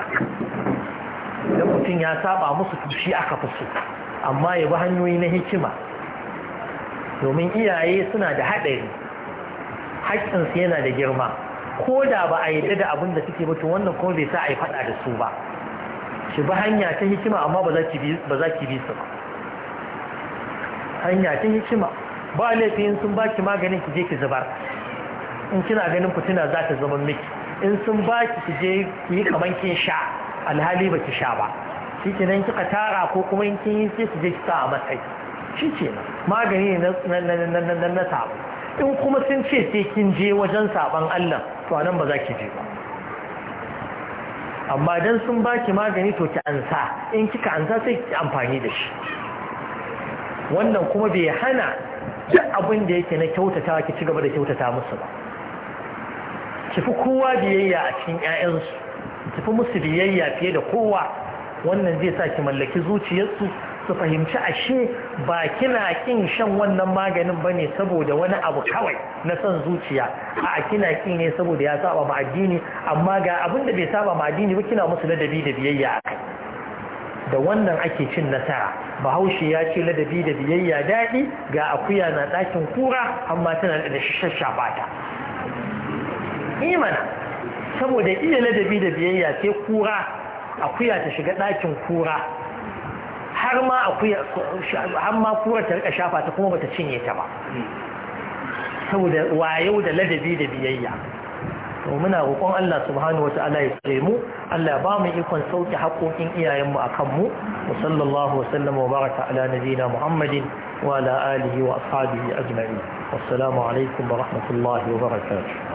idan mutum ya saba musu tushe aka fi su, amma ya bi hanyoyi na hikima domin iyaye suna da haɗari haƙƙinsu yana da girma ko da ba a yi da abin da suke mutu wannan kuma bai sa a yi faɗa da su ba ki bi hanya ta hikima amma ba za ki bi su ba hanya ta hikima ba laifin sun ba ki maganin ki je ki zubar in kina ganin ku fitina za ta zama miki in sun ba ki je ku yi kaman kin sha alhali ba ki sha ba shi nan kika tara ko kuma in kin yi sai ki je ki sa a matsayi shi ce magani na na sabo in kuma sun ce sai kin je wajen saban Allah to nan ba za ki je ba amma dan sun ba ki magani to ki ansa in kika ansa sai ki amfani da shi wannan kuma bai hana duk abin da yake na kyautata ki ci gaba da kyautata musu ba ki fi kowa biyayya a cikin 'ya'yansu ki fi musu biyayya fiye da kowa wannan zai sa ki mallaki zuciyarsu su fahimci ashe ba kina kin shan wannan maganin ba ne saboda wani abu kawai na son zuciya a kina kin ne saboda ya saba ma addini amma ga abin da bai saba ma addini ba kina musu ladabi da biyayya a kai da wannan ake cin nasara bahaushe ya ce ladabi da biyayya daɗi ga akuya na ɗakin kura amma tana da shashafa imana saboda iya ladabi da biyayya sai kura akuya ta shiga ɗakin kura har ma akuya har ma kura ta rika shafa ta kuma bata cinye ta ba saboda wayo da ladabi da biyayya muna roƙon Allah subhanahu wata'ala ya tsare mu Allah ba mu ikon sauke haƙoƙin mu a kan wa sallallahu wasallam wa baraka ala nabiyina Muhammadin wa ala alihi wa ashabihi ajma'in wassalamu alaikum wa rahmatullahi wa barakatuh